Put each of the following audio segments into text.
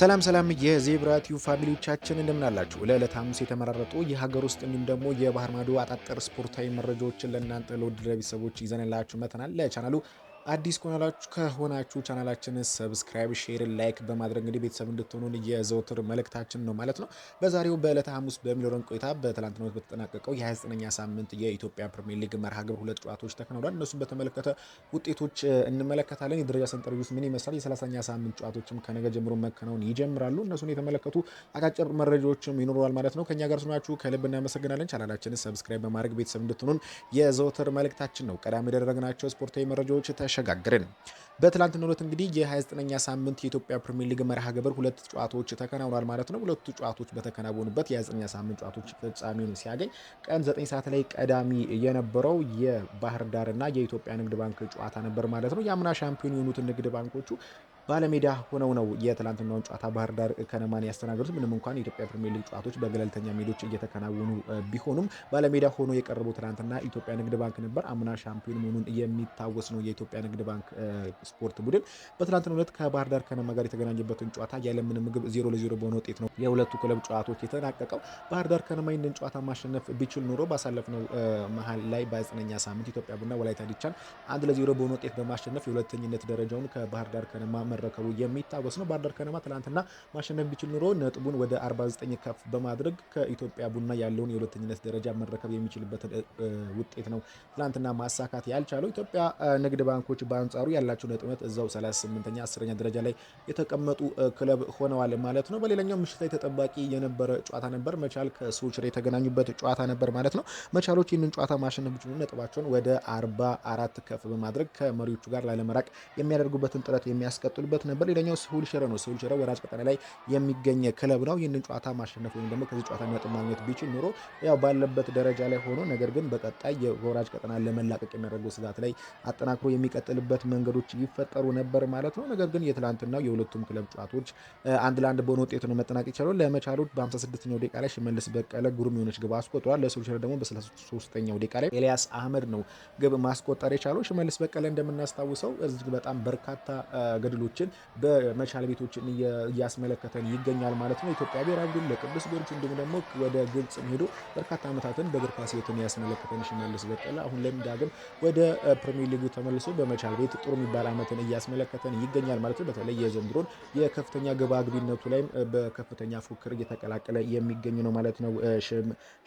ሰላም ሰላም የዜብራ ቲዩብ ፋሚሊዎቻችን እንደምን ለዕለት ሐሙስ የተመራረጡ የሀገር ውስጥ እንዲሁም ደግሞ የባህር ማዶ አጣጠር ስፖርታዊ መረጃዎችን ለእናንተ ለውድ ቤተሰቦች ይዘንላችሁ መተናል። ለቻናሉ አዲስ ከሆናችሁ ቻናላችን ሰብስክራይብ፣ ሼር፣ ላይክ በማድረግ እንግዲህ ቤተሰብ እንድትሆኑን የዘውትር መልእክታችን ነው ማለት ነው። በዛሬው በዕለተ ሐሙስ በሚኖረን ቆይታ በትላንትናው በተጠናቀቀው የ29ኛ ሳምንት የኢትዮጵያ ፕሪሚየር ሊግ መርሃ ግብር ሁለት ጨዋታዎች ተከናውኗል። እነሱን በተመለከተ ውጤቶች እንመለከታለን። የደረጃ ሰንጠረዡስ ምን ይመስላል? የ30ኛ ሳምንት ጨዋታዎችም ከነገ ጀምሮ መከናወን ይጀምራሉ። እነሱን የተመለከቱ አጫጭር መረጃዎችም ይኖረዋል ማለት ነው። ከእኛ ጋር ስናችሁ ከልብ እናመሰግናለን። ቻናላችን ሰብስክራይብ በማድረግ ቤተሰብ እንድትሆኑን የዘውትር መልእክታችን ነው። ቀዳሚ ያደረግናቸው ስፖርታዊ መረጃዎች ተሸጋገርን። በትላንትናው ዕለት እንግዲህ የ29ኛ ሳምንት የኢትዮጵያ ፕሪሚየር ሊግ መርሃ ግብር ሁለት ጨዋታዎች ተከናውኗል ማለት ነው። ሁለቱ ጨዋታዎች በተከናወኑበት የ29ኛ ሳምንት ጨዋታዎች ፍጻሜውን ሲያገኝ ቀን 9 ሰዓት ላይ ቀዳሚ የነበረው የባህር ዳርና የኢትዮጵያ ንግድ ባንክ ጨዋታ ነበር ማለት ነው። የአምና ሻምፒዮን የሆኑት ንግድ ባንኮቹ ባለሜዳ ሆነው ነው የትላንትናውን ጨዋታ ባህር ዳር ከነማን ያስተናገዱት። ምንም እንኳን የኢትዮጵያ ፕሪሚየር ሊግ ጨዋታዎች በገለልተኛ ሜዶች እየተከናወኑ ቢሆኑም ባለሜዳ ሆኖ የቀረበው ትናንትና ኢትዮጵያ ንግድ ባንክ ነበር። አምና ሻምፒዮን መሆኑን የሚታወስ ነው። የኢትዮጵያ ንግድ ባንክ ስፖርት ቡድን በትናንትናው ዕለት ከባህር ዳር ከነማ ጋር የተገናኘበትን ጨዋታ ያለምንም ምግብ ዜሮ ለዜሮ በሆነ ውጤት ነው የሁለቱ ክለብ ጨዋታዎች የተጠናቀቀው። ባህር ዳር ከነማ ይህንን ጨዋታ ማሸነፍ ቢችል ኖሮ ባሳለፍነው መሀል ላይ በዘጠነኛ ሳምንት ኢትዮጵያ ቡና ወላይታ ዲቻን አንድ ለዜሮ በሆነ ውጤት በማሸነፍ የሁለተኝነት ደረጃውን ከባህር ዳር ከነማ መረከቡ የሚታወስ ነው። ባህርዳር ከነማ ትላንትና ማሸነፍ ቢችል ኑሮ ነጥቡን ወደ 49 ከፍ በማድረግ ከኢትዮጵያ ቡና ያለውን የሁለተኝነት ደረጃ መረከብ የሚችልበትን ውጤት ነው ትላንትና ማሳካት ያልቻለው። ኢትዮጵያ ንግድ ባንኮች በአንጻሩ ያላቸው ነጥብነት እዛው 38ኛ 10ኛ ደረጃ ላይ የተቀመጡ ክለብ ሆነዋል ማለት ነው። በሌላኛው ምሽት ላይ ተጠባቂ የነበረ ጨዋታ ነበር። መቻል ከሶችር የተገናኙበት ጨዋታ ነበር ማለት ነው። መቻሎች ይህንን ጨዋታ ማሸነፍ ቢችሉ ነጥባቸውን ወደ 44 ከፍ በማድረግ ከመሪዎቹ ጋር ላለመራቅ የሚያደርጉበትን ጥረት የሚያስቀጥሉ ይቀጥሉበት ነበር። ሌላኛው ስሁል ሽረ ነው። ስሁል ሽረ ወራጅ ቀጠና ላይ የሚገኝ ክለብ ነው። ይህንን ጨዋታ ማሸነፍ ወይም ደግሞ ከዚህ ጨዋታ ነጥብ ማግኘት ቢችል ኖሮ ያው ባለበት ደረጃ ላይ ሆኖ ነገር ግን በቀጣይ የወራጅ ቀጠና ለመላቀቅ የሚያደርገው ስጋት ላይ አጠናክሮ የሚቀጥልበት መንገዶች ይፈጠሩ ነበር ማለት ነው። ነገር ግን የትላንትናው የሁለቱም ክለብ ጨዋታዎች አንድ ለአንድ በሆነ ውጤት ነው መጠናቀቅ ይቻላል። ለመቻሉ በ56ኛው ደቂቃ ላይ ሽመልስ በቀለ ግሩም የሆነች ግብ አስቆጥሯል። ለስሁል ሽረ ደግሞ በ63ኛው ደቂቃ ላይ ኤልያስ አህመድ ነው ግብ ማስቆጠር የቻለው። ሽመልስ በቀለ እንደምናስታውሰው እዚህ በጣም በርካታ ገድሎች ውጤቶችን በመቻል ቤቶችን እያስመለከተን ይገኛል ማለት ነው። ኢትዮጵያ ብሔራዊ ቡድን ለቅዱስ ጊዮርጊስ እንዲሁም ደግሞ ወደ ግብጽ ሄዶ በርካታ ዓመታትን በእግር ኳስ ሕይወትን ያስመለከተን ሽመልስ በቀለ አሁን ላይም ዳግም ወደ ፕሪሚየር ሊጉ ተመልሶ በመቻል ቤት ጥሩ የሚባል ዓመትን እያስመለከተን ይገኛል ማለት ነው። በተለይ የዘንድሮን የከፍተኛ አግቢነቱ ላይም በከፍተኛ ፉክክር እየተቀላቀለ የሚገኝ ነው ማለት ነው።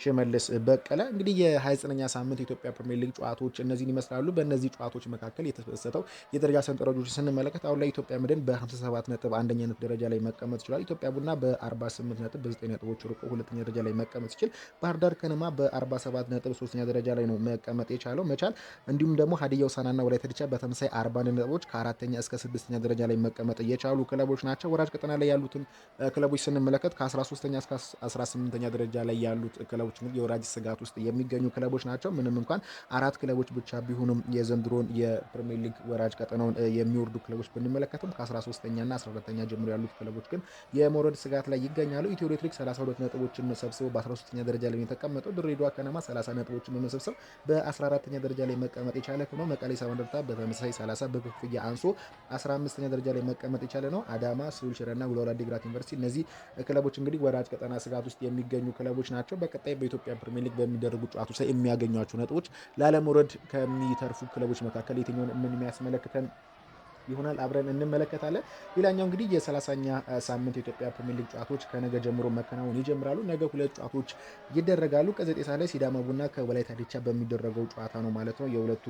ሽመልስ በቀለ እንግዲህ የ29ኛ ሳምንት የኢትዮጵያ ፕሪሚየር ሊግ ጨዋታዎች እነዚህን ይመስላሉ። በእነዚህ ጨዋታዎች መካከል የተከሰተው የደረጃ ሰንጠረዦች ስንመለከት አሁን ላይ ኢትዮጵያ መድን በ57 ነጥብ አንደኛነት ደረጃ ላይ መቀመጥ ይችላል። ኢትዮጵያ ቡና በ48 ነጥብ በ9 ነጥቦች ርቆ ሁለተኛ ደረጃ ላይ መቀመጥ ሲችል፣ ባህር ዳር ከነማ በ47 ነጥብ ሶስተኛ ደረጃ ላይ ነው መቀመጥ የቻለው መቻል እንዲሁም ደግሞ ሀዲያ ሆሳዕናና ወላይታ ድቻ በተመሳይ 41 ነጥቦች ከአራተኛ እስከ ስድስተኛ ደረጃ ላይ መቀመጥ የቻሉ ክለቦች ናቸው። ወራጅ ቀጠና ላይ ያሉትን ክለቦች ስንመለከት ከ13ኛ እስከ 18ኛ ደረጃ ላይ ያሉት ክለቦች እንግዲህ የወራጅ ስጋት ውስጥ የሚገኙ ክለቦች ናቸው። ምንም እንኳን አራት ክለቦች ብቻ ቢሆኑም የዘንድሮን የፕሪሚየር ሊግ ወራጅ ቀጠናውን የሚወርዱ ክለቦች ብንመለከት ቢያልፉም ከ13ኛና 14 ኛ ጀምሮ ያሉት ክለቦች ግን የመውረድ ስጋት ላይ ይገኛሉ። ኢትዮ ኤሌክትሪክ 32 ነጥቦችን ሰብስበው በ13ኛ ደረጃ ላይ የተቀመጠው፣ ድሬዳዋ ከነማ 30 ነጥቦችን በመሰብሰብ በ14ኛ ደረጃ ላይ መቀመጥ የቻለ ሆኖ መቀሌ ሰባ እንደርታ በተመሳሳይ 30 በክፍያ አንሶ 15ኛ ደረጃ ላይ መቀመጥ የቻለ ነው። አዳማ፣ ስሁል ሽረና ወልዋሎ ዓዲግራት ዩኒቨርሲቲ እነዚህ ክለቦች እንግዲህ ወራጅ ቀጠና ስጋት ውስጥ የሚገኙ ክለቦች ናቸው። በቀጣይ በኢትዮጵያ ፕሪሚየር ሊግ በሚደረጉ ጨዋታ ላይ የሚያገኟቸው ነጥቦች ላለመውረድ ከሚተርፉ ክለቦች መካከል የትኛውን ምን የሚያስመለክተን ይሆናል። አብረን እንመለከታለን። ሌላኛው እንግዲህ የሰላሳኛ ሳምንት የኢትዮጵያ ፕሪሚየር ሊግ ጨዋታዎች ከነገ ጀምሮ መከናወን ይጀምራሉ። ነገ ሁለት ጨዋታዎች ይደረጋሉ። ከዘጠኝ ሰዓት ላይ ሲዳማ ቡና ከወላይታ ዲቻ በሚደረገው ጨዋታ ነው ማለት ነው የሁለቱ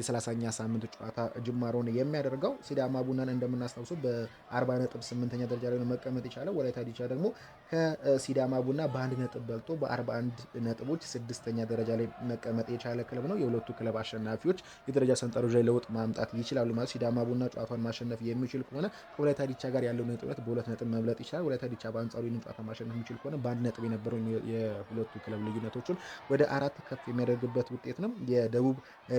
የሰላሳኛ ሳምንት ጨዋታ ጅማሮን የሚያደርገው። ሲዳማ ቡናን እንደምናስታውሰው በአርባ ነጥብ 8ኛ ደረጃ ላይ ነው መቀመጥ የቻለ። ወላይታ ዲቻ ደግሞ ከሲዳማ ቡና በአንድ ነጥብ በልጦ በ41 ነጥቦች ስድስተኛ ደረጃ ላይ መቀመጥ የቻለ ክለብ ነው። የሁለቱ ክለብ አሸናፊዎች የደረጃ ሰንጠረዥ ላይ ለውጥ ማምጣት ይችላሉ። ሆኗል። ሲዳማ ቡና ጨዋታውን ማሸነፍ የሚችል ከሆነ ከወላይታ ዲቻ ጋር ያለውን ጥረት በሁለት ነጥብ መብለጥ ይችላል። ወላይታ ዲቻ በአንጻሩ ይህንን ጨዋታ ማሸነፍ የሚችል ከሆነ በአንድ ነጥብ የነበረው የሁለቱ ክለብ ልዩነቶችን ወደ አራት ከፍ የሚያደርግበት ውጤት ነው የደቡብ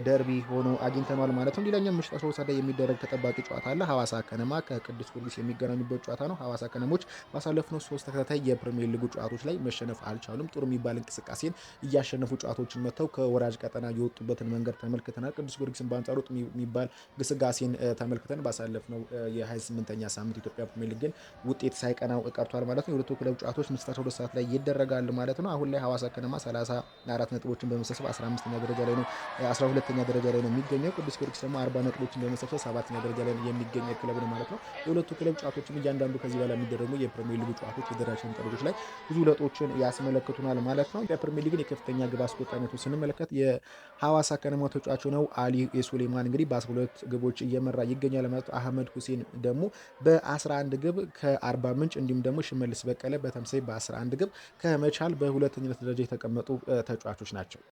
ደርቢ ሆኖ አግኝተኗል ማለት ነው። ሌላኛው ምሽት አስራ ሁለት ላይ የሚደረግ ተጠባቂ ጨዋታ አለ። ሀዋሳ ከነማ ከቅዱስ ጊዮርጊስ የሚገናኙበት ጨዋታ ነው። ሀዋሳ ከነሞች ባሳለፍነው ሶስት ተከታታይ የፕሪሚየር ሊጉ ጨዋታዎች ላይ መሸነፍ አልቻሉም። ጥሩ የሚባል እንቅስቃሴን እያሸነፉ ጨዋታዎችን መጥተው ከወራጅ ቀጠና የወጡበትን መንገድ ተመልክተናል። ቅዱስ ጊዮርጊስን በአንጻሩ የሚባል ግስጋ እንቅስቃሴን ተመልክተን ባሳለፍነው የ28ኛ ሳምንት ኢትዮጵያ ፕሪሚየር ሊግን ውጤት ሳይቀናው ቀርቷል ማለት ነው። የሁለቱ ክለብ ጨዋታዎች ምሽት 12 ሰዓት ላይ ይደረጋል ማለት ነው። አሁን ላይ ሐዋሳ ከነማ 34 ነጥቦችን በመሰብሰብ 15ኛ ደረጃ ላይ ነው 12ኛ ደረጃ ላይ ነው የሚገኘው። ቅዱስ ጊዮርጊስ ደግሞ 40 ነጥቦችን በመሰብሰብ 7ኛ ደረጃ ላይ የሚገኝ ክለብ ነው ማለት ነው። የሁለቱ ክለብ ጨዋታዎችም እያንዳንዱ ከዚህ በኋላ የሚደረጉ የፕሪሚየር ሊግ ጨዋታዎች የደረጃቸውን ጠርዞች ላይ ብዙ ለውጦችን ያስመለክቱናል ማለት ነው። የፕሪሚየር ሊግን የከፍተኛ ግብ አስቆጣሪነቱን ስንመለከት የሐዋሳ ከነማ ተጫዋቹ ነው አሊ የሱሌማን እንግዲህ በ12 ግቦች እየመራ ይገኛል ማለት ነው። አህመድ ሁሴን ደግሞ በ11 ግብ ከአርባ ምንጭ እንዲሁም ደግሞ ሽመልስ በቀለ በተመሳሳይ በ11 ግብ ከመቻል በሁለተኝነት ደረጃ የተቀመጡ ተጫዋቾች ናቸው።